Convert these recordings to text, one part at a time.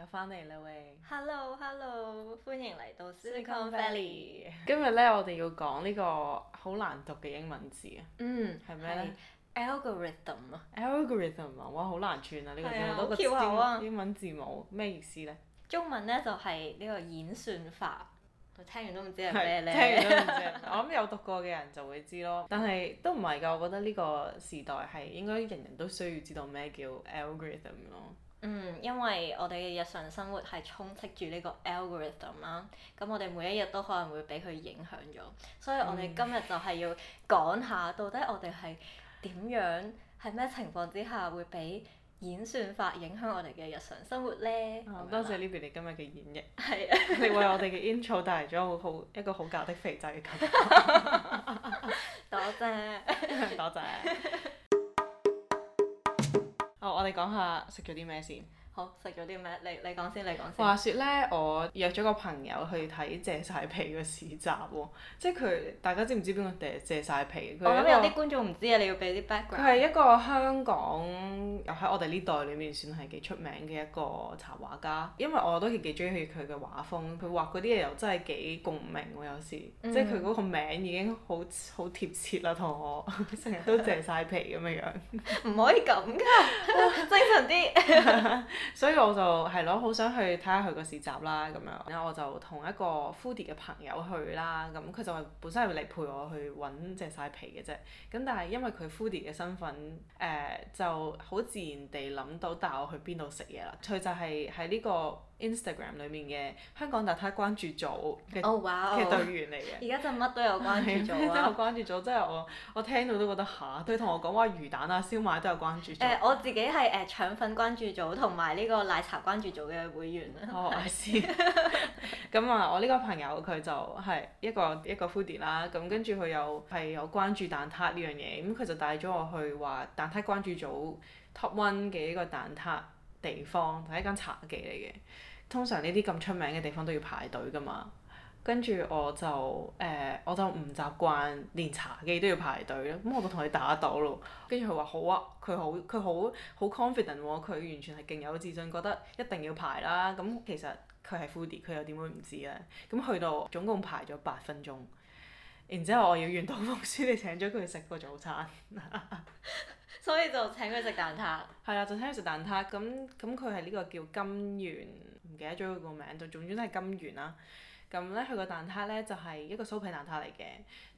又翻嚟啦喂！Hello，Hello，hello，歡迎嚟到 Silicon Valley 今日咧，我哋要講呢個好難讀嘅英文字啊。嗯，係咩？Algorithm 啊！Algorithm 啊！哇，好難串啊！呢、啊、個字我、啊、英文字母咩意思呢？中文呢，就係、是、呢個演算法。我聽完都唔知係咩咧。聽完都唔知， 我諗有讀過嘅人就會知咯。但係都唔係㗎，我覺得呢個時代係應該人人都需要知道咩叫 algorithm 咯。嗯，因為我哋嘅日常生活係充斥住呢個 algorithm 啦、啊，咁我哋每一日都可能會俾佢影響咗，所以我哋今日就係要講下，到底我哋係點樣，係咩、嗯、情況之下會俾演算法影響我哋嘅日常生活呢？多、哦、謝 Libby 你今日嘅演繹，啊、你為我哋嘅 intro 帶嚟咗好好一個好搞的肥仔嘅感覺， 多謝， 多謝。哦，oh, 我哋講下食咗啲咩先。好，食咗啲咩？你你講先，你講先。話説呢，我約咗個朋友去睇謝晒皮嘅市集喎，即係佢大家知唔知邊個謝晒皮？我諗有啲觀眾唔知啊，你要俾啲 background。佢係一個香港又喺我哋呢代裏面算係幾出名嘅一個插畫家，因為我都係幾中意佢嘅畫風，佢畫嗰啲嘢又真係幾共鳴喎。有時、嗯、即係佢嗰個名已經好好貼切啦，同我成日 都謝晒皮咁嘅樣。唔 可以咁㗎，精神啲。 辰所以我就係咯，好想去睇下佢個市集啦，咁樣，然後我就同一個 foodie 嘅朋友去啦，咁佢就本身係嚟陪我去揾隻晒皮嘅啫，咁但係因為佢 foodie 嘅身份，誒、呃、就好自然地諗到帶我去邊度食嘢啦，佢就係喺呢個，Instagram 裡面嘅香港蛋撻關注組嘅嘅、oh, wow. 隊員嚟嘅，而家就乜都有關注組啊！有 關注組，即係 我我聽到都覺得嚇，佢同我講話魚蛋啊、燒賣都有關注組。呃、我自己係誒、呃、腸粉關注組同埋呢個奶茶關注組嘅會員哦，我係咁啊，我呢個朋友佢就係一個一個 Foodie 啦，咁跟住佢又係有關注蛋撻呢樣嘢，咁佢就帶咗我去話蛋撻關注組 Top One 嘅一個蛋撻地方，係一間茶記嚟嘅。通常呢啲咁出名嘅地方都要排隊㗎嘛，跟住我就誒、呃、我就唔習慣連茶記都要排隊啦，咁我就同佢打賭咯。跟住佢話好啊，佢好佢好好 confident 佢、哦、完全係勁有自信，覺得一定要排啦。咁、嗯、其實佢係 foodie，佢又點會唔知咧？咁去到總共排咗八分鐘，然之後我要願賭服輸，你請咗佢食個早餐。 所以就請佢食蛋撻。係啦， 就請佢食蛋撻。咁咁佢係呢個叫金圓，唔記得咗佢個名就，就總之都係金圓啦。咁咧，佢個蛋撻咧就係一個酥皮蛋撻嚟嘅，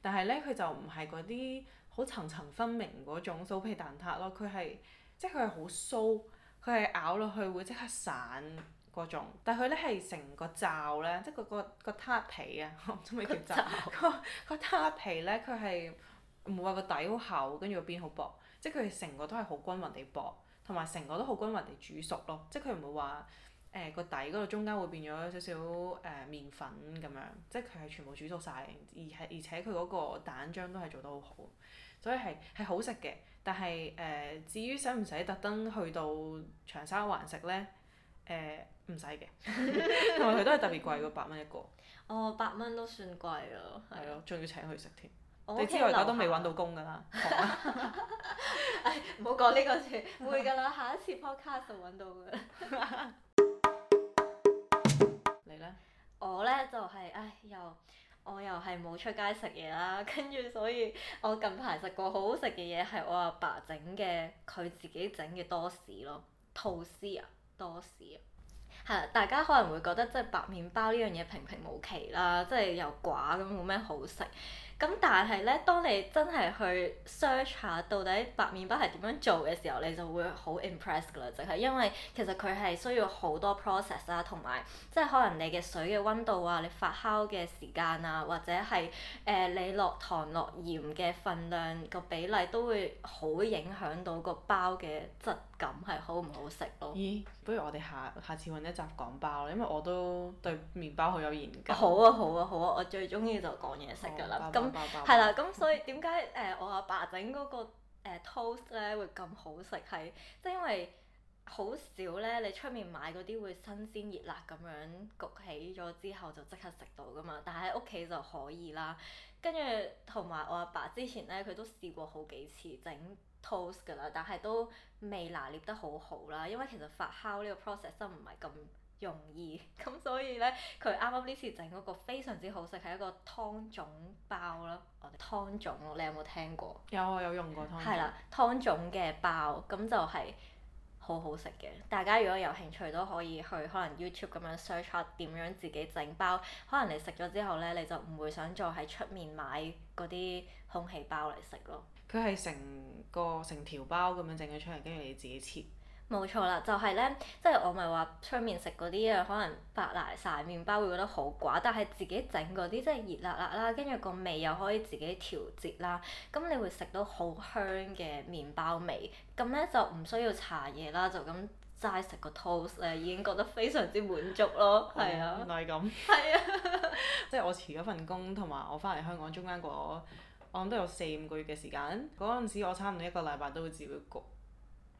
但係咧佢就唔係嗰啲好層層分明嗰種酥皮蛋撻咯，佢係即係佢係好酥，佢係咬落去會即刻散嗰種。但係佢咧係成個罩咧，即係、那個個個塔皮啊，我唔知咩叫罩。個個塔皮咧，佢係唔會話個底好厚，跟住個邊好薄。即佢成個都係好均勻地薄，同埋成個都好均勻地煮熟咯。即佢唔會話誒個底嗰度中間會變咗少少誒、呃、麵粉咁樣。即佢係全部煮熟晒。而係而且佢嗰個蛋漿都係做得好好，所以係係好食嘅。但係誒、呃，至於使唔使特登去到長沙灣食呢？誒唔使嘅，同埋佢都係特別貴，個八蚊一個。哦，八蚊都算貴咯。係咯，仲要請佢食添。你知我而家都未揾到工噶啦，好，唉，唔好講呢個字， 會噶啦，下一次 podcast 就揾到噶 呢、就是哎、啦。你咧？我咧就係唉，又我又係冇出街食嘢啦，跟住所以我近排食過好好食嘅嘢係我阿爸整嘅，佢自己整嘅多士咯，吐司啊，多士啊，係 大家可能會覺得即係白麵包呢樣嘢平平無奇啦，即係又寡咁冇咩好食。咁但係咧，當你真係去 search 下到底白麵包係點樣做嘅時候，你就會好 impressed 噶啦，就係因為其實佢係需要好多 process 啦、啊，同埋即係可能你嘅水嘅溫度啊，你發酵嘅時間啊，或者係誒、呃、你落糖落鹽嘅份量個比例都會好影響到個包嘅質感係好唔好食咯。咦、欸？不如我哋下下次揾一集講包啦，因為我都對麵包好有研究。好啊好啊好啊！我最中意就講嘢食噶啦，啊爸爸係啦，咁所以點解誒我阿爸整嗰個誒 toast 咧會咁好食？係即係因為好少咧，你出面買嗰啲會新鮮熱辣咁樣焗起咗之後就即刻食到噶嘛，但係喺屋企就可以啦。跟住同埋我阿爸之前咧，佢都試過好幾次整 toast 噶啦，但係都未拿捏得好好啦，因為其實發酵呢個 process 都唔係咁容易咁，所以呢，佢啱啱呢次整嗰個非常之好食，係一個湯種包啦，哦，湯種，你有冇聽過？有，我有用過湯種。係啦，湯種嘅包咁就係好好食嘅。大家如果有興趣，都可以去可能 YouTube 咁樣 search 下點樣自己整包。可能你食咗之後呢，你就唔會想再喺出面買嗰啲空氣包嚟食咯。佢係成個成條包咁樣整咗出嚟，跟住你自己切。冇錯啦，就係呢。即係我咪話出面食嗰啲啊，可能白泥晒麪包會覺得好寡，但係自己整嗰啲即係熱辣辣啦，跟住個味又可以自己調節啦，咁你會食到好香嘅麪包味，咁呢就唔需要搽嘢啦，就咁齋食個 toast 誒，已經覺得非常之滿足咯，係、嗯、啊，原來係咁，係啊， 即係我辭咗份工同埋我翻嚟香港中間嗰，我諗都有四五個月嘅時間，嗰陣時我差唔多一個禮拜都會自己焗。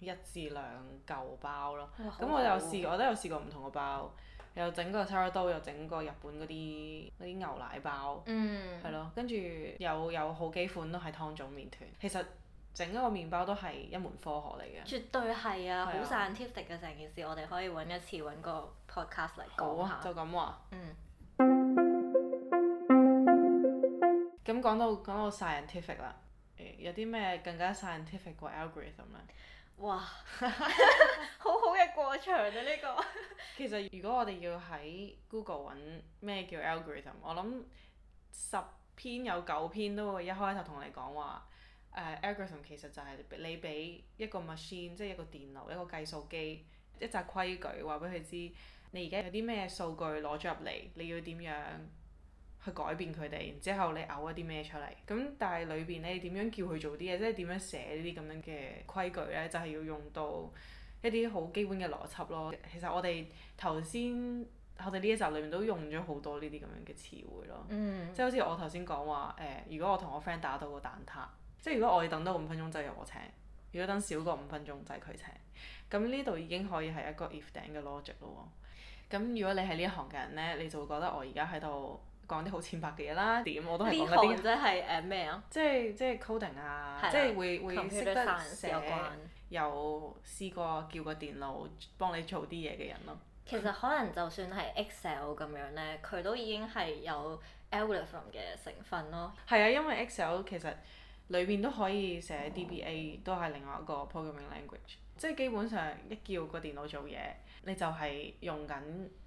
一至兩嚿包咯，咁、 嗯、我有試， 我都有試過唔 同嘅包，又整個 Chicago，又整個日本嗰啲嗰啲牛奶包，係、嗯、咯，跟住有有好幾款都係湯種麵團。其實整一個麵包都係一門科學嚟嘅。絕對係啊，好、啊、scientific 嘅、啊、成件事，我哋可以揾一次揾個 podcast 嚟講下。啊、就咁話？嗯。咁講到講到 scientific 啦，有啲咩更加 scientific 過 algorithm 咧？哇， 好好嘅過場啊！呢、呢個 其實如果我哋要喺 Google 揾咩叫 algorithm，我諗十篇有九篇都會一開頭同你講話、uh, algorithm 其實就係你俾一個 machine，即係一個電腦一個計數機一扎規矩，話俾佢知你而家有啲咩數據攞咗入嚟，你要點樣？嗯去改變佢哋，然之後你嘔一啲咩出嚟咁？但係裏邊咧點樣叫佢做啲嘢，即係點樣寫呢啲咁樣嘅規矩呢？就係、是、要用到一啲好基本嘅邏輯咯。其實我哋頭先我哋呢一集裏面都用咗好多呢啲咁樣嘅詞彙咯，嗯、即係好似我頭先講話誒，如果我同我 friend 打到個蛋塔，即係如果我哋等多五分鐘就由我請，如果等少過五分鐘就係佢請，咁呢度已經可以係一個 if 頂嘅 logic 咯。咁如果你係呢一行嘅人呢，你就會覺得我而家喺度。講啲好淺白嘅嘢啦，點我都係講一啲、呢行呃。即係誒咩啊？即係即係 coding 啊，的即係會，會會識得寫，有試過叫個電腦幫你做啲嘢嘅人咯。其實可能就算係 Excel 咁樣咧，佢都已經係有 algorithm 嘅成分咯。係啊、嗯，因為 Excel 其實裏邊都可以寫 DBA、哦、都係另外一個 programming language，即係基本上一叫個電腦做嘢。你就係用緊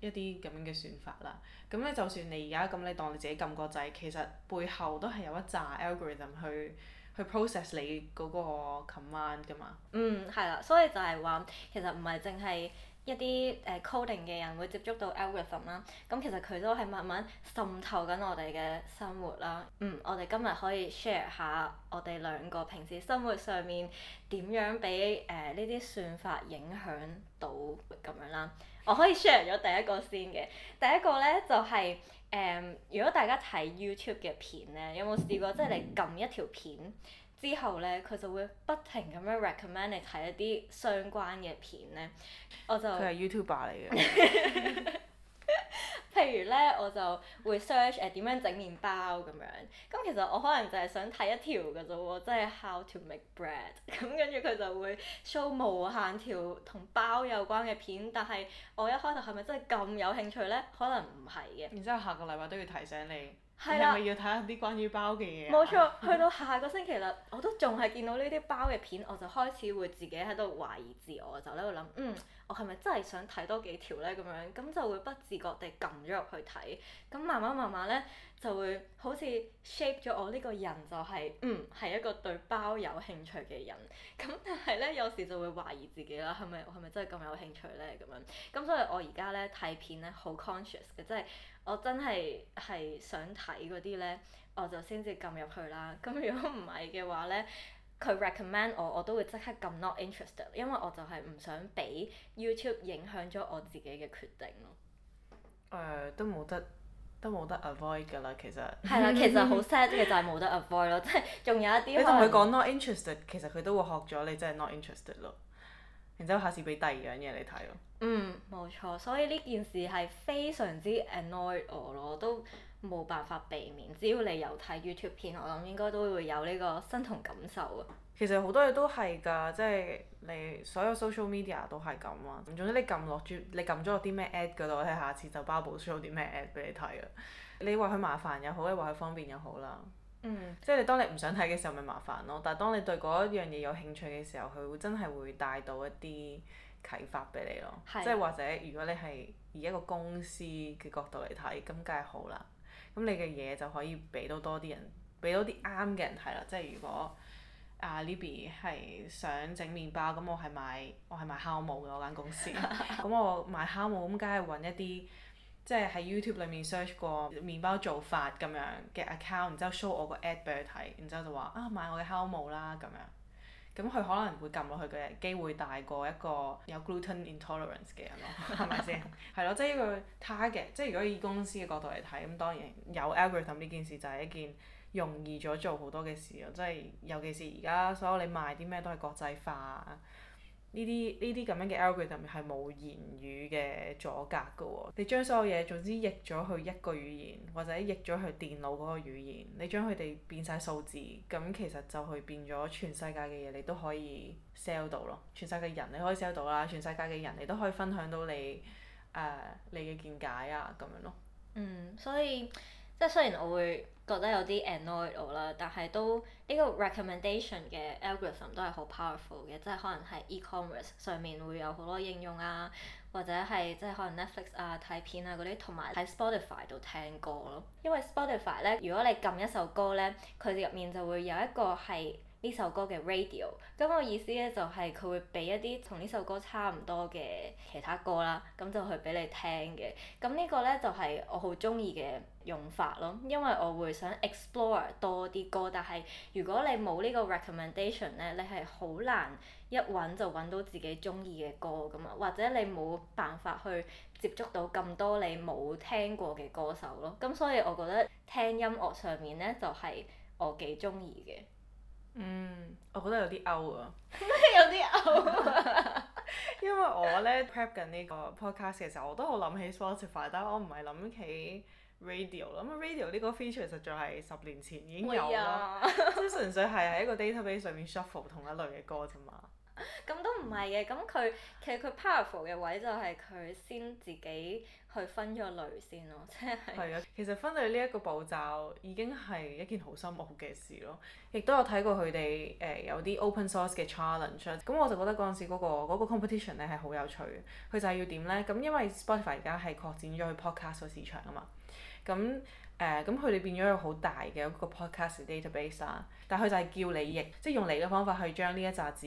一啲咁樣嘅算法啦，咁咧就算你而家咁，你當你自己撳個掣，其實背後都係有一紮 algorithm 去去 process 你嗰個 command 噶嘛。嗯，係啦，所以就係話，其實唔係淨係一啲誒、呃、coding 嘅人會接觸到 algorithm 啦、啊，咁其實佢都係慢慢滲透緊我哋嘅生活啦。嗯、啊，我哋今日可以 share 下我哋兩個平時生活上面點樣俾誒呢啲算法影響到咁樣啦。我可以 share 咗第一個先嘅，第一個呢，就係、是、誒、呃，如果大家睇 YouTube 嘅片呢，有冇試過、嗯、即係你撳一條片？之後咧，佢就會不停咁樣 recommend 你睇一啲相關嘅片咧。我就佢係 YouTuber 嚟嘅。 譬如咧，我就會 search 誒點樣整麵包咁樣。咁其實我可能就係想睇一條嘅啫喎，即係 how to make bread。咁跟住佢就會 show 無限條同包有關嘅片，但係我一開頭係咪真係咁有興趣咧？可能唔係嘅。然之後下個禮拜都要提醒你。係啦，係咪要睇下啲關於包嘅嘢啊？冇錯，去到下個星期啦，我都仲係見到呢啲包嘅片， 我就開始會自己喺度懷疑自我，就喺度諗，嗯，我係咪真係想睇多幾條咧？咁樣咁就會不自覺地撳咗入去睇，咁慢慢慢慢咧就會好似 shape 咗我呢個人，就係，就係嗯係一個對包有興趣嘅人。咁但係咧，有時就會懷疑自己啦，係咪，係咪真係咁有興趣咧？咁樣咁所以我而家咧睇片咧好 conscious 嘅，即係。我真係係想睇嗰啲呢，我就先至撳入去啦。咁如果唔係嘅話呢，佢 recommend 我，我都會即刻撳 not interested，因為我就係唔想俾 YouTube 影響咗我自己嘅決定咯。誒、呃，都冇得，都冇得 avoid 㗎啦，其實。係啦，其實好 sad 嘅就係冇得 avoid 咯，即係仲有一啲。你同佢講 not interested，其實佢都會學咗你真係、就是、not interested 咯。然之後下次俾第二樣嘢你睇咯。嗯，冇錯，所以呢件事係非常之 annoy 我咯，我都冇辦法避免。只要你有睇 YouTube 片，我諗應該都會有呢個身同感受啊。其實好多嘢都係㗎，即係你所有 social media 都係咁啊。總之你撳落住，你撳咗落啲咩 ad 嗰度睇，下次就包保 show 啲咩 ad 俾你睇啊。你話佢麻煩又好，你話佢方便又好啦。嗯，即係你當你唔想睇嘅時候咪麻煩咯，但係當你對嗰一樣嘢有興趣嘅時候，佢會真係會帶到一啲啟發俾你咯。係。即係或者如果你係以一個公司嘅角度嚟睇，咁梗係好啦。咁你嘅嘢就可以俾到多啲人，俾到啲啱嘅人睇啦。即係如果啊 Libby 係想整麵包，咁我係賣我係賣酵母嘅我間公司。咁 我賣酵母咁，梗係揾一啲。即係喺 YouTube 裏面 search 過麵包做法咁樣嘅 account，然之後 show 我個 app 俾佢睇，然之後，後就話啊買我嘅酵母啦咁樣。咁佢可能會撳落去嘅機會大過一個有 gluten intolerance 嘅人咯，係咪先？係咯， 即係呢個 target，即係如果以公司嘅角度嚟睇，咁當然有 algorithm 呢件事就係一件容易咗做好多嘅事咯，即係尤其是而家所有你賣啲咩都係國際化。呢啲呢啲咁樣嘅 algorithm 係冇言語嘅阻隔㗎喎、哦，你將所有嘢總之譯咗去一個語言，或者譯咗去電腦嗰個語言，你將佢哋變晒數字，咁其實就去變咗全世界嘅嘢，你都可以 sell 到咯。全世界嘅人你可以 sell 到啦，全世界嘅人你都可以分享到你誒、呃、你嘅見解啊咁樣咯。嗯，所以即係雖然我會。覺得有啲 annoy 我啦，但係都呢個 recommendation 嘅 algorithm 都係好 powerful 嘅，即係可能喺 e-commerce 上面會有好多應用啊，或者係即係可能 Netflix 啊睇片啊嗰啲，同埋喺 Spotify 度聽歌咯。因為 Spotify 咧，如果你撳一首歌咧，佢哋入面就會有一個係。呢首歌嘅 radio，咁我意思咧就係佢會俾一啲同呢首歌差唔多嘅其他歌啦，咁就去俾你聽嘅。咁呢個咧就係我好中意嘅用法咯，因為我會想 explore 多啲歌，但係如果你冇呢個 recommendation 咧，你係好難一揾就揾到自己中意嘅歌咁啊，或者你冇辦法去接觸到咁多你冇聽過嘅歌手咯。咁所以我覺得聽音樂上面咧就係我幾中意嘅。嗯，我覺得有啲 out 啊，有啲 out 啊，因為我咧 prep 緊呢個 podcast 嘅時候，我都好諗起 spotify，但係我唔係諗起 radio 咯。咁 radio 呢個 feature 實在係十年前已經有啦，即係呀純粹係喺一個 database 上面 shuffle 同一類嘅歌啫嘛。咁都唔係嘅，咁佢其實佢 powerful 嘅位就係佢先自己。去分咗類先咯，即係係啊。其實分類呢一個步驟已經係一件好深奧嘅事咯。亦都有睇過佢哋誒有啲 open source 嘅 challenge。咁我就覺得嗰陣時嗰個嗰個 competition 咧係好有趣嘅。佢就係要點呢？咁因為 Spotify 而家係擴展咗佢 podcast 個市場啊嘛。咁誒咁佢哋變咗一個好大嘅嗰個 podcast database 啊。但係佢就係叫你譯，即係用你嘅方法去將呢一紮字，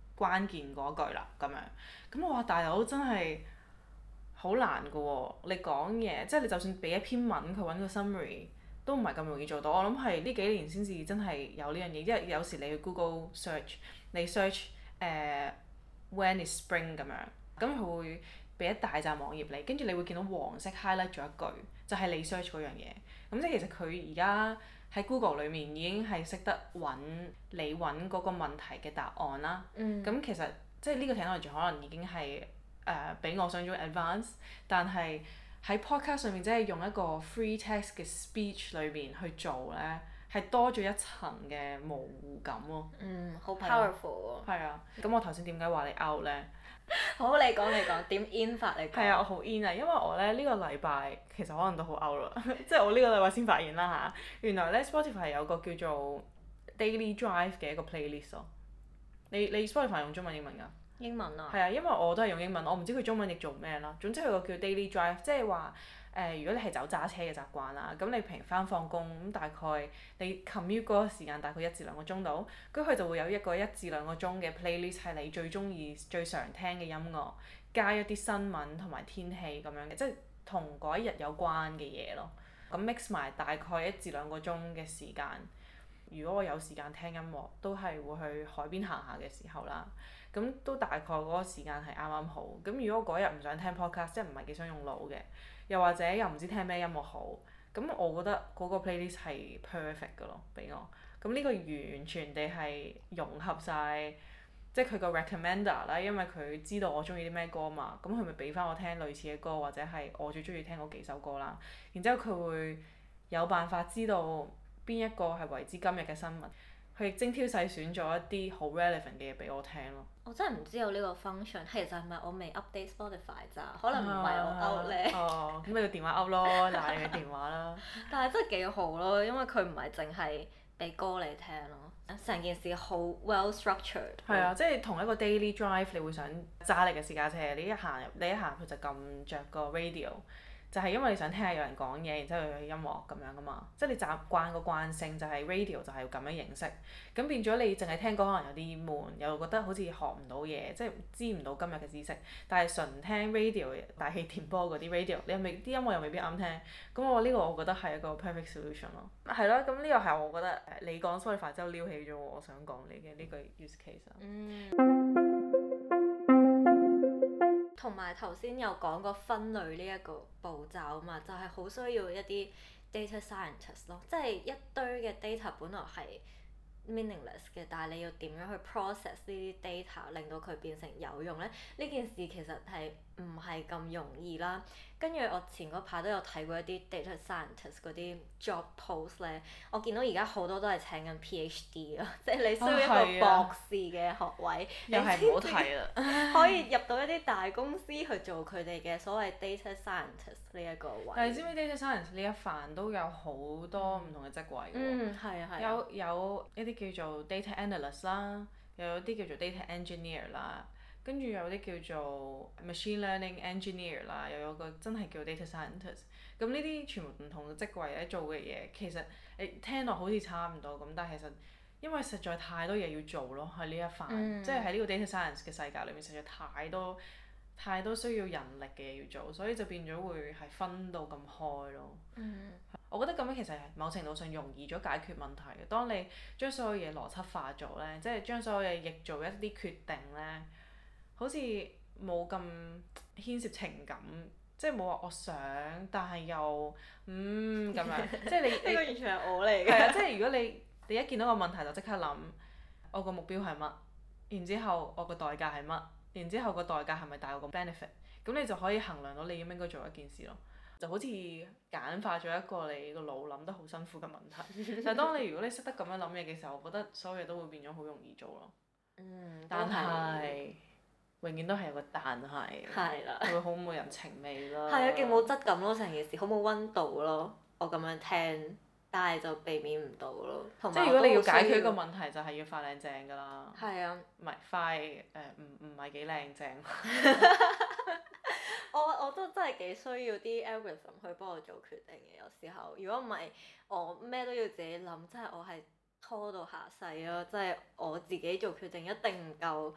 關鍵嗰句啦，咁樣，咁我話大佬真係好難㗎喎、哦！你講嘢，即、就、係、是、你就算俾一篇文佢揾個 summary，都唔係咁容易做到。我諗係呢幾年先至真係有呢樣嘢，因為有時你去 Google search，你 search 誒、uh, When is spring 咁樣，咁佢會俾一大紮網頁你，跟住你會見到黃色 highlight 咗一句，就係、是、你 search 嗰樣嘢。咁即係其實佢而家喺 Google 裏面已經係識得揾你揾嗰個問題嘅答案啦。咁、嗯、其實即係呢個聽來就可能已經係誒、呃、比我想咗 a d v a n c e 但係喺 podcast 上面即係用一個 free text 嘅 speech 裏面去做呢，係多咗一層嘅模糊感咯、哦。嗯，好 powerful、哦。係啊，咁、啊、我頭先點解話你 out 呢？好，你講你講點 in 法嚟講？係啊，我好 in 啊，因為我咧呢、呢個禮拜其實可能都好 out 啦，即 係我呢個禮拜先發現啦嚇、啊，原來咧 Spotify 係有個叫做 Daily Drive 嘅一個 playlist 咯、啊。你你 Spotify 用中文英文㗎？英文啊。係啊，因為我都係用英文，我唔知佢中文譯做咩啦。總之佢個叫 Daily Drive，即係話。誒、呃，如果你係走揸車嘅習慣啦，咁你平翻放工咁，大概你 commute 嗰個時間大概一至兩個鐘度，咁佢就會有一個一至兩個鐘嘅 playlist 係你最鍾意、最常聽嘅音樂，加一啲新聞同埋天氣咁樣嘅，即係同嗰一日有關嘅嘢咯。咁 mix 埋大概一至兩個鐘嘅時間。如果我有時間聽音樂，都係會去海邊行下嘅時候啦。咁都大概嗰個時間係啱啱好。咁如果嗰日唔想聽 podcast，即係唔係幾想用腦嘅，又或者又唔知聽咩音樂好，咁我覺得嗰個 playlist 係 perfect 嘅咯，俾我。咁呢個完全地係融合晒，即係佢個 recommend 啦，因為佢知道我中意啲咩歌嘛。咁佢咪俾翻我聽類似嘅歌，或者係我最中意聽嗰幾首歌啦。然之後佢會有辦法知道。邊一個係為之今日嘅新聞？佢精挑細選咗一啲好 relevant 嘅嘢俾我聽咯。我真係唔知道呢個 function，其實係咪我未 update Spotify 咋，可能唔係我 out 哦，咁你了、啊嗯、要電話 out 咯，嗱 你嘅電話啦。但係真係幾好咯，因為佢唔係淨係俾歌你聽咯，成件事好 well structured、嗯。係很啊，即係同一個 daily drive，你會想揸你嘅私家車，你一行你一行佢就咁着個 radio。就係因為你想聽下有人講嘢，然之後有音樂咁樣噶嘛，即係你習慣個慣性就係 radio 就係要咁樣形式，咁變咗你淨係聽歌可能有啲悶，又覺得好似學唔到嘢，即係知唔到今日嘅知識。但係純聽 radio 大氣電波嗰啲 radio，你又未啲音樂又未必啱聽？咁我呢、這個我覺得係一個 perfect solution 咯，係咯。咁呢個係我覺得你講 software 之後撩起咗我想，想講你嘅呢句 use case、嗯同埋頭先有講過分類呢一個步驟啊嘛，就係好需要一啲 data scientist 咯，即係一堆嘅 data 本來係 meaningless 嘅，但係你要點樣去 process 呢啲 data，令到佢變成有用咧？呢件事其實係唔係咁容易啦。跟住我前嗰排都有睇過一啲 data scientist 嗰啲 job post 咧，我見到而家好多都係請緊 PhD 咯， 即係你需要一個博士嘅學位，又係唔好睇啦，可以入到一啲大公司去做佢哋嘅所謂 data scientist 呢一個位。但係知唔知 data scientist 呢一範都有好多唔同嘅職位㗎喎？係呀，係呀，有有一啲叫做 data analyst 啦，又有啲叫做 data engineer 啦。跟住有啲叫做 machine learning engineer 啦，又有個真係叫 data scientist。咁呢啲全部唔同嘅職位咧，做嘅嘢其實誒聽落好似差唔多咁，但係其實因為實在太多嘢要做咯，喺呢一塊，嗯、即係喺呢個 data science 嘅世界裏面，實在太多太多需要人力嘅嘢要做，所以就變咗會係分到咁開咯。嗯、我覺得咁樣其實係某程度上容易咗解決問題嘅。當你將所有嘢邏輯化咗咧，即係將所有嘢亦做一啲決定咧。好似冇咁牽涉情感，即係冇話我想，但係又嗯咁樣， 即係你呢個完全係我嚟嘅。即係、就是、如果你你一見到個問題就即刻諗，我個目標係乜？然之後我個代價係乜？然之後個代價係咪大過個 benefit？咁你就可以衡量到你應唔應該做一件事咯。就好似簡化咗一個你個腦諗得好辛苦嘅問題。但係 當你如果你識得咁樣諗嘢嘅時候，我覺得所有嘢都會變咗好容易做咯。嗯，但係。永遠都係有個但係，係啦，會好冇人情味咯。係啊，勁冇質感咯，成件事好冇溫度咯。我咁樣聽，但係就避免唔到咯。即係同埋如果你要解決個問題就，就係要快靚正噶啦。係啊。唔係快誒？唔唔係幾靚正。 我我都真係幾需要啲 algorithm 去幫我做決定嘅。有時候如果唔係，我咩都要自己諗，即係我係拖到下世咯。即係我自己做決定一定唔夠。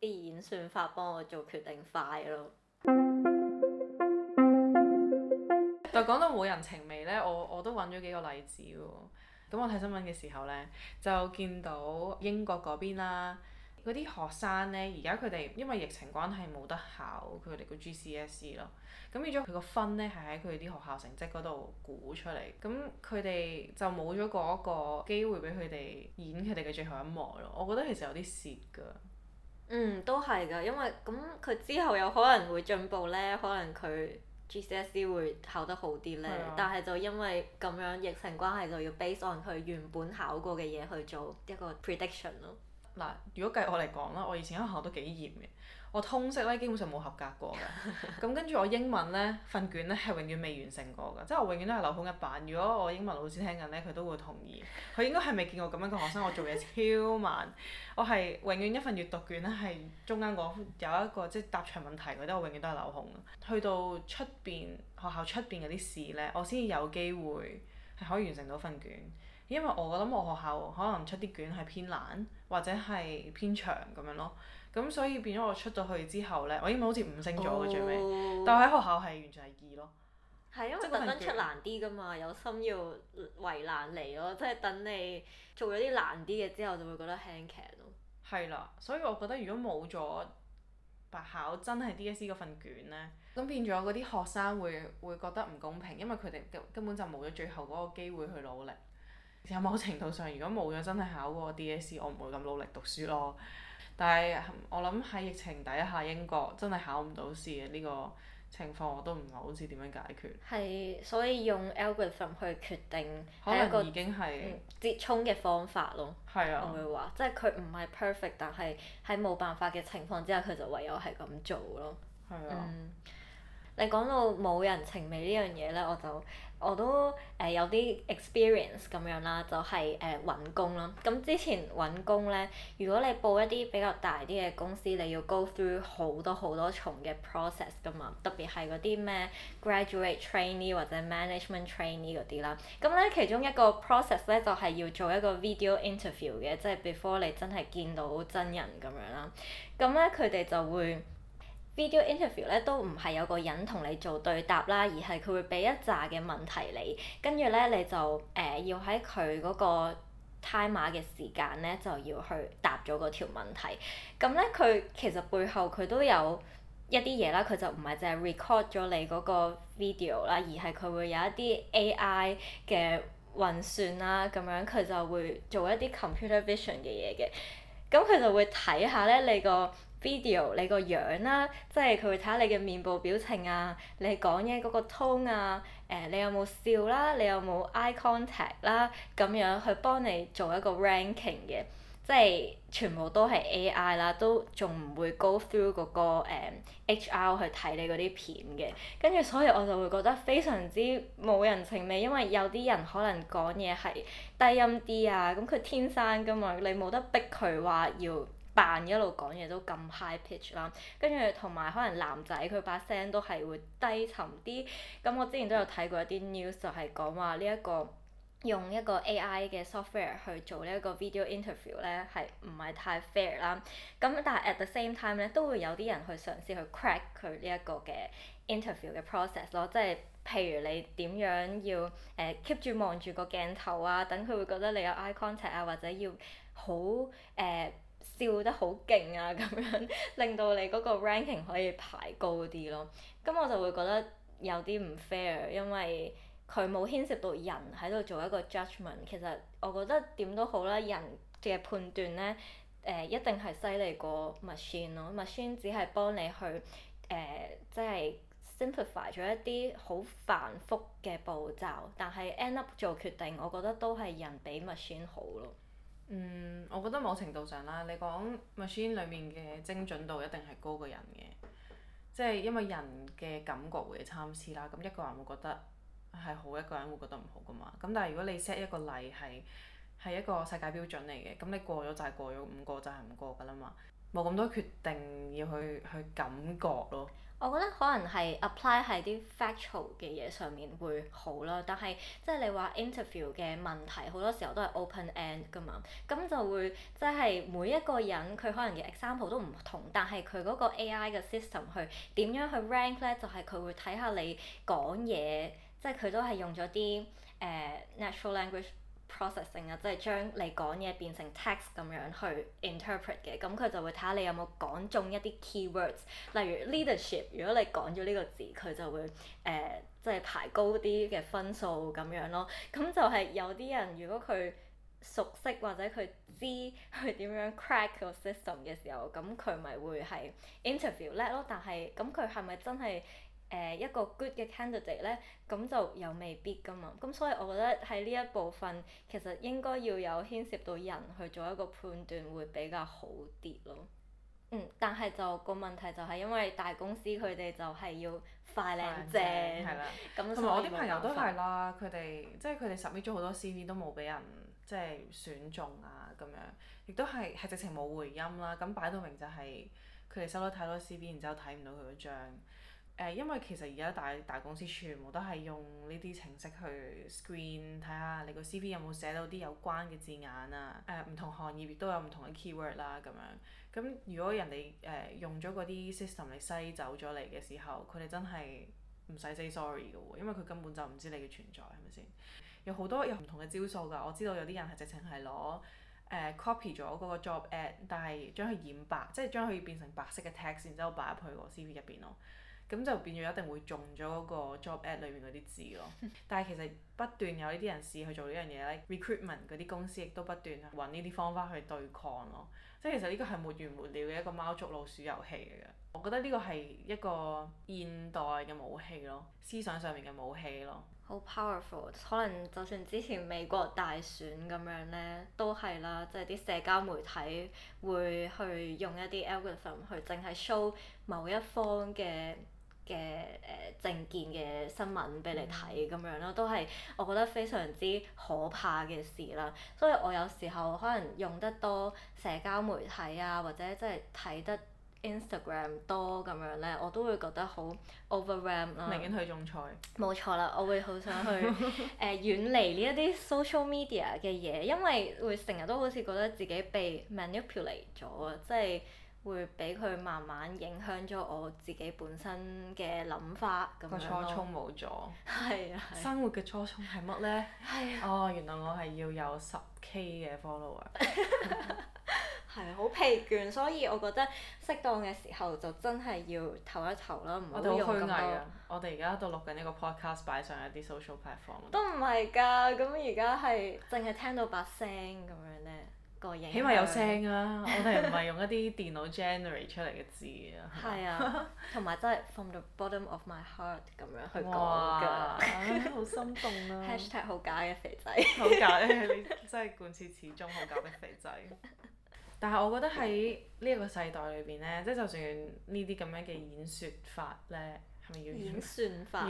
啲演算法幫我做決定快咯。但係講到冇人情味呢，我我都揾咗幾個例子喎、哦。咁我睇新聞嘅時候呢，就見到英國嗰邊啦，嗰啲學生呢，而家佢哋因為疫情關係冇得考佢哋個 GCSE 咯。咁變咗佢個分呢，係喺佢哋啲學校成績嗰度估出嚟。咁佢哋就冇咗嗰個機會俾佢哋演佢哋嘅最後一幕咯。我覺得其實有啲蝕㗎。嗯，都係噶，因為咁佢之後有可能會進步咧，可能佢 GCSE 會考得好啲咧，的但係就因為咁樣，疫情關係，就要 base on 佢原本考過嘅嘢去做一個 prediction 咯。嗱，如果計我嚟講啦，我以前喺學校都幾嚴嘅，我通識咧基本上冇合格過嘅，咁跟住我英文咧份卷咧係永遠未完成過嘅，即係我永遠都係留空一版。如果我英文老師聽緊咧，佢都會同意，佢應該係未見過咁樣一個學生，我做嘢超慢，我係永遠一份閱讀卷咧係中間嗰有一個即係答長問題嗰啲，我永遠都係留空。去到出邊學校出邊嗰啲事咧，我先至有機會係可以完成到份卷。因為我覺得我學校可能出啲卷係偏難，或者係偏長咁樣咯。咁所以變咗我出到去之後呢，我英文好似五星咗喎，最尾，oh. 但係喺學校係完全係二咯。係因為特登出難啲㗎嘛， 有心要為難你咯，即、就、係、是、等你做咗啲難啲嘅之後就會覺得輕騎咯。係啦，所以我覺得如果冇咗白考真係 DSE 嗰份卷呢，咁變咗嗰啲學生會會覺得唔公平，因為佢哋根本就冇咗最後嗰個機會去努力。有某程度上，如果冇咗真係考過 DSE，我唔會咁努力讀書咯。但係我諗喺疫情底下，英國真係考唔到試嘅呢個情況，我都唔係好知點樣解決。係，所以用 algorithm 去決定可能已經係一個折衷嘅方法咯。係啊。我會話，即係佢唔係 perfect，但係喺冇辦法嘅情況之下，佢就唯有係咁做咯。係啊。嗯你講到冇人情味呢樣嘢呢，我就我都誒、呃、有啲 experience 咁樣啦，就係誒揾工咯。咁之前揾工呢，如果你報一啲比較大啲嘅公司，你要 go through 好多好多重嘅 process 噶嘛。特別係嗰啲咩 graduate trainee 或者 management trainee 嗰啲啦。咁、嗯、呢，其中一個 process 呢，就係、是、要做一個 video interview 嘅，即、就、係、是、before 你真係見到真人咁樣啦。咁、嗯、呢，佢哋就會。video interview 咧都唔係有個人同你做對答啦，而係佢會俾一紮嘅問題你，跟住咧你就誒、呃、要喺佢嗰個 time 碼嘅時間咧就要去答咗嗰條問題。咁咧佢其實背後佢都有一啲嘢啦，佢就唔係淨係 record 咗你嗰個 video 啦，而係佢會有一啲 AI 嘅運算啦，咁樣佢就會做一啲 computer vision 嘅嘢嘅。咁佢就會睇下咧你個。video 你個樣啦，即係佢會睇下你嘅面部表情啊，你講嘢嗰個 tone 啊，誒你有冇笑啦，你有冇 eye contact 啦，咁樣去幫你做一個 ranking 嘅，即係全部都係 AI 啦，都仲唔會 go through 嗰個誒 HR 去睇你嗰啲片嘅，跟住所以我就會覺得非常之冇人情味，因為有啲人可能講嘢係低音啲啊，咁佢天生㗎嘛，你冇得逼佢話要，扮一路講嘢都咁 high pitch 啦，跟住同埋可能男仔佢把聲都係會低沉啲。咁我之前都有睇過一啲 news，就係講話呢一個用一個 AI 嘅 software 去做呢一個 video interview 咧，係唔係太 fair 啦？咁但係 at the same time 咧，都會有啲人去嘗試去 crack 佢呢一個嘅 interview 嘅 process 咯。即係譬如你點樣要誒 keep 住望住個鏡頭啊，等佢會覺得你有 eye contact 啊，或者要好誒。呃笑得好勁啊！咁樣令到你嗰個 ranking 可以排高啲咯。咁、嗯、我就會覺得有啲唔 fair，因為佢冇牽涉到人喺度做一個 judgment。其實我覺得點都好啦，人嘅判斷呢、呃，一定係犀利過 machine 咯。machine 只係幫你去、呃、即係 simplify 咗一啲好繁複嘅步驟，但係 end up 做決定，我覺得都係人比 machine 好咯。嗯，我覺得某程度上啦，你講 machine 裡面嘅精準度一定係高過人嘅，即係因為人嘅感覺會參差啦。咁一個人會覺得係好，一個人會覺得唔好㗎嘛。咁但係如果你 set 一個例，係係一個世界標準嚟嘅，咁你過咗就係過咗，唔過就係唔過㗎喇嘛。冇咁多決定要去去感覺咯。我覺得可能係 apply 喺啲 factual 嘅嘢上面會好啦，但係即係你話 interview 嘅問題好多時候都係 open end 噶嘛，咁就會即係每一個人佢可能嘅 example 都唔同，但係佢嗰個 AI 嘅 system 去點樣去 rank 咧，就係、是、佢會睇下你講嘢，即係佢都係用咗啲誒 natural language processing 啊，Process ing，即係將你講嘢變成 text 咁樣去 interpret 嘅，咁佢就會睇下你有冇講中一啲 key words，例如 leadership，如果你講咗呢個字，佢就會誒、呃、即係排高啲嘅分數咁樣咯。咁就係有啲人如果佢熟悉或者佢知佢點樣 crack 個 system 嘅時候，咁佢咪會係 interview 叻咯。但係咁佢係咪真係？誒，一個 good 嘅 candidate 咧，咁就又未必㗎嘛。咁所以我覺得喺呢一部分，其實應該要有牽涉到人去做一個判斷，會比較好啲咯。嗯，但係就個問題就係，因為大公司佢哋、嗯、就係要快靚正係啦。咁同埋我啲朋友都係啦，佢哋即係佢哋 submit 咗好多 CV 都冇俾人即係選中啊咁樣，亦都係係直情冇回音啦。咁擺到明就係佢哋收到太多 CV，然之後睇唔到佢嗰張。誒，因為其實而家大大公司全部都係用呢啲程式去 screen 睇下你個 CV 有冇寫到啲有關嘅字眼啊！誒、呃，唔同行業亦都有唔同嘅 keyword 啦，咁樣。咁、嗯、如果人哋誒、呃、用咗嗰啲 system 嚟篩走咗你嘅時候，佢哋真係唔使 say sorry 嘅喎，因為佢根本就唔知你嘅存在，係咪先？有好多有唔同嘅招數㗎，我知道有啲人係直情係攞、呃、copy 咗嗰個 job ad，但係將佢染白，即係將佢變成白色嘅 text，然之後擺入去個 CV 入邊咯。咁就變咗一定會中咗嗰個 job ad 裏面嗰啲字咯。但係其實不斷有呢啲人試去做呢樣嘢咧，recruitment 嗰啲公司亦都不斷揾呢啲方法去對抗咯。即係其實呢個係沒完沒了嘅一個貓捉老鼠遊戲嚟嘅。我覺得呢個係一個現代嘅武器咯，思想上面嘅武器咯。好 powerful！可能就算之前美國大選咁樣呢都係啦，即係啲社交媒體會去用一啲 algorithm 去淨係 show 某一方嘅。嘅誒政見嘅新聞俾你睇咁、嗯、樣咯，都係我覺得非常之可怕嘅事啦。所以我有時候可能用得多社交媒體啊，或者即係睇得 Instagram 多咁樣呢，我都會覺得好 overwhelm 啦。寧願去仲裁，冇錯啦，我會好想去誒、 呃、遠離呢一啲 social media 嘅嘢，因為會成日都好似覺得自己被 manipulate 咗啊，即係會俾佢慢慢影響咗我自己本身嘅諗法咁樣，初衷冇咗。係 啊。啊，生活嘅初衷係乜呢？係啊。哦，原來我係要有十 K 嘅 follower。係 啊，好疲倦，所以我覺得適當嘅時候就真係要投一投啦，唔好用咁多。我哋虛偽啊！我哋而家喺度錄緊呢個 podcast，擺上一啲 social platform。都唔係㗎，咁而家係淨係聽到把聲咁樣呢。起碼有聲啊！我哋唔係用一啲電腦 generate 出嚟嘅字啊，係啊，同埋真係 from the bottom of my heart 咁樣去講㗎，好心動啊！#好假嘅肥仔，好假，你真係貫徹始終，好假嘅肥仔。但係我覺得喺呢一個世代裏邊呢，即係就算呢啲咁樣嘅演説法呢，係咪要演算法？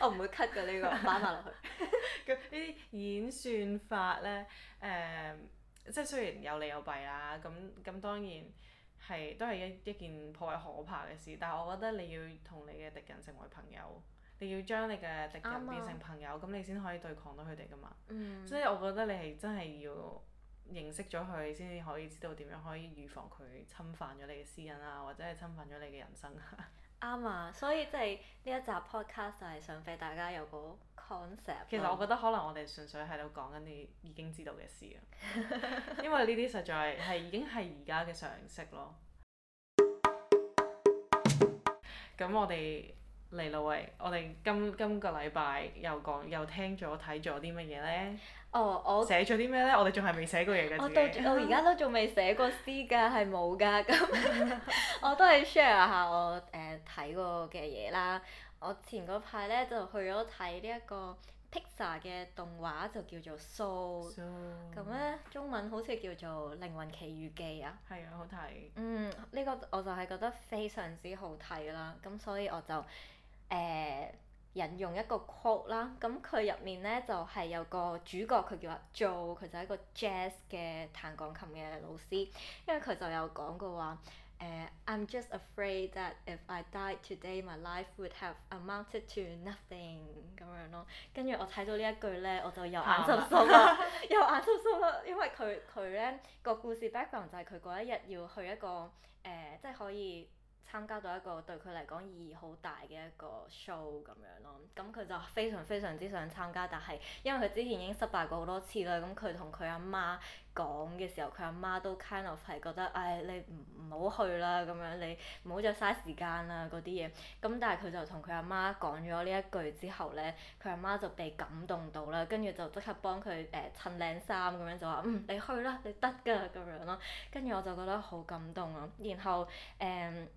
我唔、哦這個、會 cut 嘅呢個擺埋落去。咁呢啲演算法咧，誒、呃，即係雖然有利有弊啦、啊，咁咁當然係都係一一件頗為可怕嘅事。但係我覺得你要同你嘅敵人成為朋友，你要將你嘅敵人變成朋友，咁、嗯、你先可以對抗到佢哋噶嘛。嗯、所以我覺得你係真係要認識咗佢，先至可以知道點樣可以預防佢侵犯咗你嘅私隱啊，或者係侵犯咗你嘅人生。 啱啊！所以即係呢一集 podcast 就係想俾大家有個 concept。其實我覺得可能我哋純粹喺度講緊啲已經知道嘅事啊， 因為呢啲實在係已經係而家嘅常識咯。咁 我哋嚟到喂，我哋今今個禮拜又講又聽咗睇咗啲乜嘢呢？哦，我寫咗啲咩呢？我哋仲係未寫過嘢嘅。我到 我而家都仲未寫過詩㗎，係冇㗎。咁、嗯、 我都係 share 下我誒睇、呃、過嘅嘢啦。我前嗰排呢，就去咗睇呢一個 Pixar 嘅動畫，就叫做《Soul》。咁呢中文好似叫做《靈魂奇遇記》啊。係啊，好睇。嗯，呢、呢個我就係覺得非常之好睇啦，咁所以我就誒。呃引用一個 quote 啦，咁佢入面呢就係有個主角，佢叫阿 Joe，佢就係一個 jazz 嘅彈鋼琴嘅老師，因為佢就有講過話，誒，I'm just afraid that if I died today, my life would have amounted to nothing 咁樣咯。跟住我睇到呢一句呢，我就有眼濕濕啦，有眼濕濕啦，因為佢佢呢個故事 background 就係佢嗰一日要去一個誒，即係可以。參加到一個對佢嚟講意義好大嘅一個 show 咁樣咯，咁佢就非常非常之想參加，但係因為佢之前已經失敗過好多次啦，咁佢同佢阿媽講嘅時候，佢阿媽都 kind of 係覺得，唉、哎，你唔唔好去啦，咁樣你唔好再嘥時間啦，嗰啲嘢。咁但係佢就同佢阿媽講咗呢一句之後呢，佢阿媽就被感動到啦，跟住就即刻幫佢誒、呃、襯靚衫咁樣就話，嗯，你去啦，你得㗎咁樣咯。跟住我就覺得好感動啊，然後誒。嗯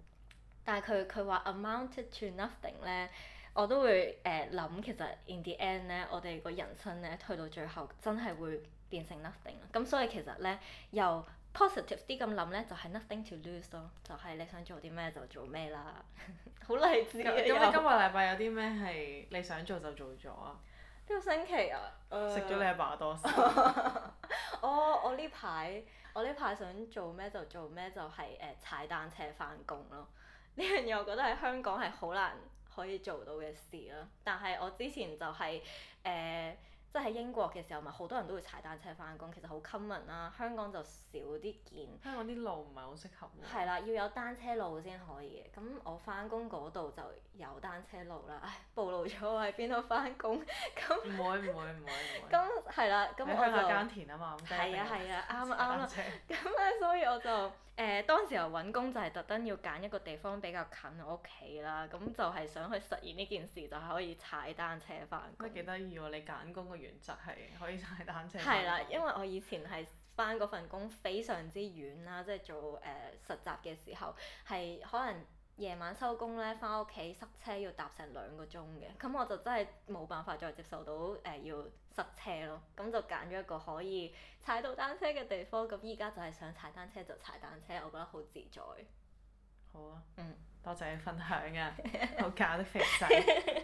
但係佢佢話 amounted to nothing 咧，我都會誒諗，其實 in the end 咧，我哋個人生咧，退到最後真係會變成 nothing。咁所以其實咧，由 positive 啲咁諗咧，就係、是、nothing to lose 咯，就係你想做啲咩就做咩啦，好勵志嘅。咁你、啊、今個禮拜有啲咩係你想做就做咗啊？呢個星期啊，食咗你阿爸，爸多數 我我呢排我呢排想做咩就做咩，就係誒踩單車翻工咯。呢樣嘢我覺得喺香港係好難可以做到嘅事咯。但係我之前就係、是。誒、呃。即係喺英國嘅時候，咪好多人都會踩單車翻工，其實好 common 啦。香港就少啲見。香港啲路唔係好適合。係啦，要有單車路先可以嘅。咁我翻工嗰度就有單車路啦。唉，暴露咗我喺邊度翻工。咁唔會唔會唔會。咁係啦，咁 我就喺鄉下耕田啊嘛。係啊係啊，啱啱啦。咁咧，所以我就誒、呃、當時候揾工就係特登要揀一個地方比較近我屋企啦。咁就係想去實現呢件事，就係可以踩單車翻工。都幾得意喎！你揀工原則係可以踩單車。係啦，因為我以前係返嗰份工非常之遠啦，即係做誒、呃、實習嘅時候，係可能夜晚收工咧，返屋企塞車要搭成兩個鐘嘅，咁我就真係冇辦法再接受到誒、呃、要塞車咯。咁就揀咗一個可以踩到單車嘅地方。咁依家就係想踩單車就踩單車，我覺得好自在。好啊，嗯，多謝你分享啊，我 假嘅肥仔，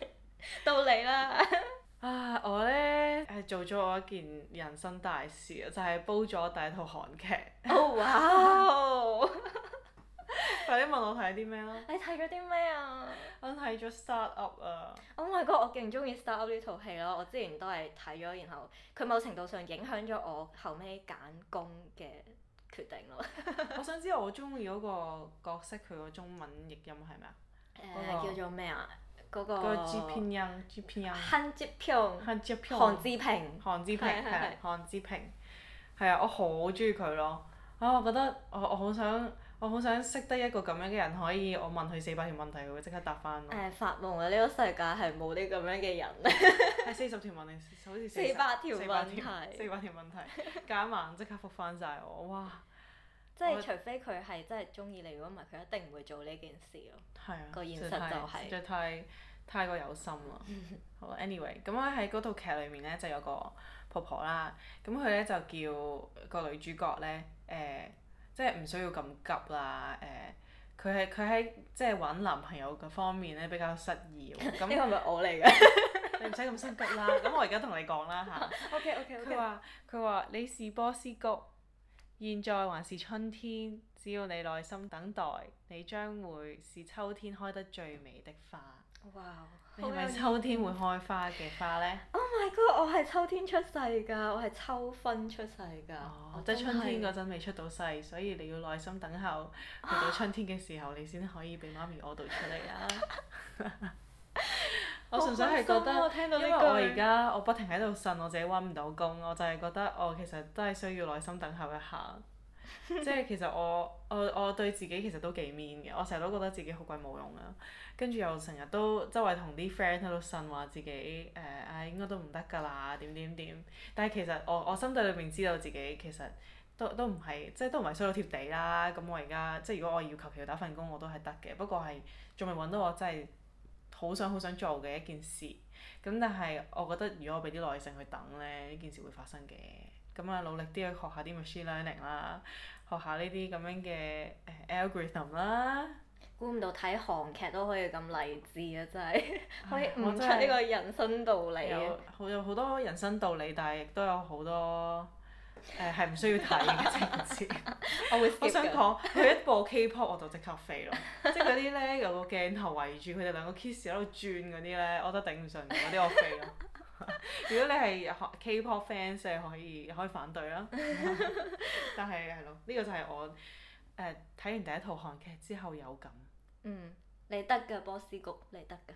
到你啦了。 啊！我咧係做咗我一件人生大事啊，就係、是、煲咗第一套韓劇。哇！快啲問我睇啲咩啦！你睇咗啲咩啊？我睇咗《Start Up》啊！Oh my God，我唔咪哥，我勁中意《Start Up》呢套戲咯，我之前都係睇咗，然後佢某程度上影響咗我後尾揀工嘅決定咯。 我想知道我中意嗰個角色佢個中文譯音係咪啊？誒、uh，那個、叫做咩啊？嗰、那個拼音，拼音。韓志平。韓志平。韓志平係，韓志平。係啊，我好中意佢咯。啊，我覺得我我好想，我好想識得一個咁樣嘅人，可以我問佢四百條問題，佢會即刻答翻我。誒發、哎、夢啊，呢、這個世界係冇啲咁樣嘅人。係四十條問題，好似四，問題四。四百條問題。四百條問題，加埋即刻覆翻晒我，哇！即係除非佢係真係中意你，如果唔係佢一定唔會做呢件事咯。係啊，個現實就係、是。實太太，太過有心啦。 好，anyway，咁咧喺嗰套劇裏面咧就有個婆婆啦。咁佢咧就叫個女主角咧誒、呃，即係唔需要咁急啦誒。佢係佢喺即係搵男朋友嘅方面咧比較失意喎。呢係咪我嚟嘅？ 你唔使咁心急啦。咁我而家同你講啦吓 OK OK OK。佢話：佢話你是波斯菊。現在還是春天，只要你耐心等待，你將會是秋天開得最美的花。哇！係咪秋天會開花嘅花呢？Oh my god！我係秋天出世㗎，我係秋分出世㗎。哦、oh，即係春天嗰陣未出到世，所以你要耐心等候，去到春天嘅時候，啊、你先可以俾媽咪屙到出嚟啊！ 我純粹係覺得，啊、聽到我聽到呢個我而家我不停喺度呻，我自己揾唔到工，我就係覺得我其實都係需要耐心等候一下。 即係其實我我我對自己其實都幾 mean 嘅，我成日都覺得自己好鬼冇用啊。跟住又成日都周圍同啲 friend 喺度呻話自己誒，唉、呃哎、應該都唔得㗎啦，點點點。但係其實我我心底裏面知道自己其實都都唔係，即係都唔係衰到貼地啦。咁我而家即係如果我要求其要打份工，我都係得嘅。不過係仲未揾到我真係好想好想做嘅一件事，咁但係我覺得如果我俾啲耐性去等呢，呢件事會發生嘅。咁啊，努力啲去學下啲 machine learning 啦，學下呢啲咁樣嘅 algorithm 啦。估唔到睇韓劇都可以咁勵志啊！真係可以悟出呢個人生道理，啊有。有好有好多人生道理，但係亦都有好多。誒係唔需要睇嘅，情節。我會，我想講，佢一播 K-pop 我就即刻飛咯，即係嗰啲咧，有個鏡頭圍住佢哋兩個 kiss 喺度轉嗰啲咧，我都得頂唔順，嗰啲我飛咯。 如果你係 K-pop fans，你可以可以反對啊。 但係係咯，呢個就係我誒、呃、睇完第一套韓劇之後有感。嗯，你得嘅，波斯菊，你得嘅。